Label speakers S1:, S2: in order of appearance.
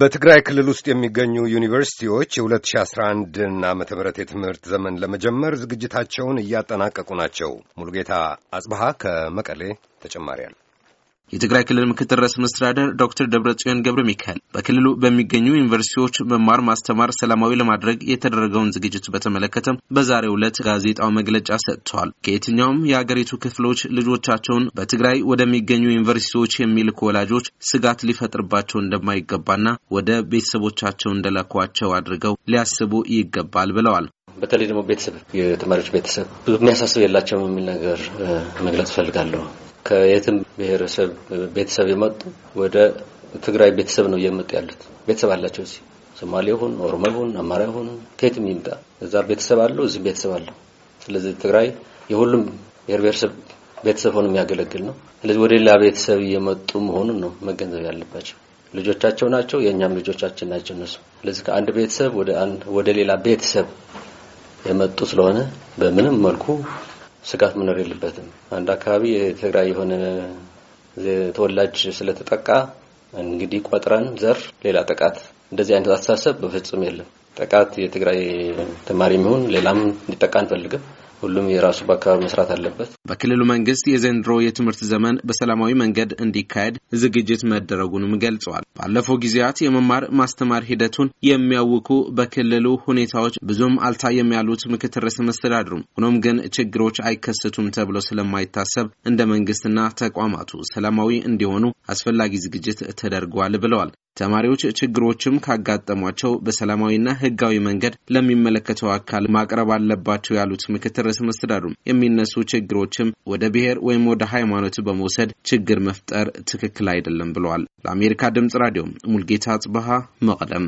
S1: በትግራይ ክልል ውስጥ የሚገኙ ዩኒቨርሲቲዎች የ2011 ዓ ም የትምህርት ዘመን ለመጀመር ዝግጅታቸውን እያጠናቀቁ ናቸው። ሙሉጌታ አጽብሃ ከመቀሌ
S2: ተጨማሪ አለ። የትግራይ ክልል ምክትል ርዕሰ መስተዳደር ዶክተር ደብረጽዮን ገብረ ሚካኤል በክልሉ በሚገኙ ዩኒቨርሲቲዎች መማር ማስተማር ሰላማዊ ለማድረግ የተደረገውን ዝግጅት በተመለከተ በዛሬው ዕለት ጋዜጣው መግለጫ ሰጥተዋል። ከየትኛውም የአገሪቱ ክፍሎች ልጆቻቸውን በትግራይ ወደሚገኙ ዩኒቨርሲቲዎች የሚልኩ ወላጆች ስጋት ሊፈጥርባቸው እንደማይገባና ወደ ቤተሰቦቻቸው እንደላኳቸው አድርገው ሊያስቡ ይገባል ብለዋል። በተለይ
S1: ደግሞ ቤተሰብ የተማሪዎች ቤተሰብ
S2: ብዙ የሚያሳስብ የላቸውም የሚል ነገር መግለጽ እፈልጋለሁ።
S1: ከየትም ብሔረሰብ ቤተሰብ የመጡ ወደ ትግራይ ቤተሰብ ነው እየመጡ ያሉት። ቤተሰብ አላቸው እዚህ ሶማሌ ይሁን ኦሮሞ ይሁን አማራ ይሁን ከየትም ይምጣ እዛ ቤተሰብ አለው፣ እዚህም ቤተሰብ አለው። ስለዚህ ትግራይ የሁሉም ብሔር ብሔረሰብ ቤተሰብ ሆኖ የሚያገለግል ነው። ስለዚህ ወደ ሌላ ቤተሰብ እየመጡ መሆኑን ነው መገንዘብ ያለባቸው። ልጆቻቸው ናቸው፣ የእኛም ልጆቻችን ናቸው እነሱ። ስለዚህ ከአንድ ቤተሰብ ወደ ሌላ ቤተሰብ የመጡ ስለሆነ በምንም መልኩ ስጋት መኖር የለበትም። አንድ አካባቢ የትግራይ የሆነ ተወላጅ ስለተጠቃ እንግዲህ ቆጥረን ዘር ሌላ ጥቃት፣ እንደዚህ አይነት አስተሳሰብ በፍጹም የለም። ጥቃት የትግራይ ተማሪ የሚሆን ሌላም እንዲጠቃ አንፈልግም። ሁሉም የራሱ በአካባቢ መስራት አለበት።
S2: በክልሉ መንግስት የዘንድሮ የትምህርት ዘመን በሰላማዊ መንገድ እንዲካሄድ ዝግጅት መደረጉንም ገልጸዋል። ባለፈው ጊዜያት የመማር ማስተማር ሂደቱን የሚያውኩ በክልሉ ሁኔታዎች ብዙም አልታየም ያሉት ምክትል ርዕሰ መስተዳድሩም፣ ሆኖም ግን ችግሮች አይከሰቱም ተብሎ ስለማይታሰብ እንደ መንግስትና ተቋማቱ ሰላማዊ እንዲሆኑ አስፈላጊ ዝግጅት ተደርጓል ብለዋል። ተማሪዎች ችግሮችም ካጋጠሟቸው በሰላማዊና ህጋዊ መንገድ ለሚመለከተው አካል ማቅረብ አለባቸው ያሉት ምክትል ርዕሰ መስተዳድሩ የሚነሱ ችግሮችም ወደ ብሔር ወይም ወደ ሃይማኖት በመውሰድ ችግር መፍጠር ትክክል አይደለም ብለዋል። ለአሜሪካ ድምጽ ራዲዮ ሙልጌታ አጽበሃ መቀለም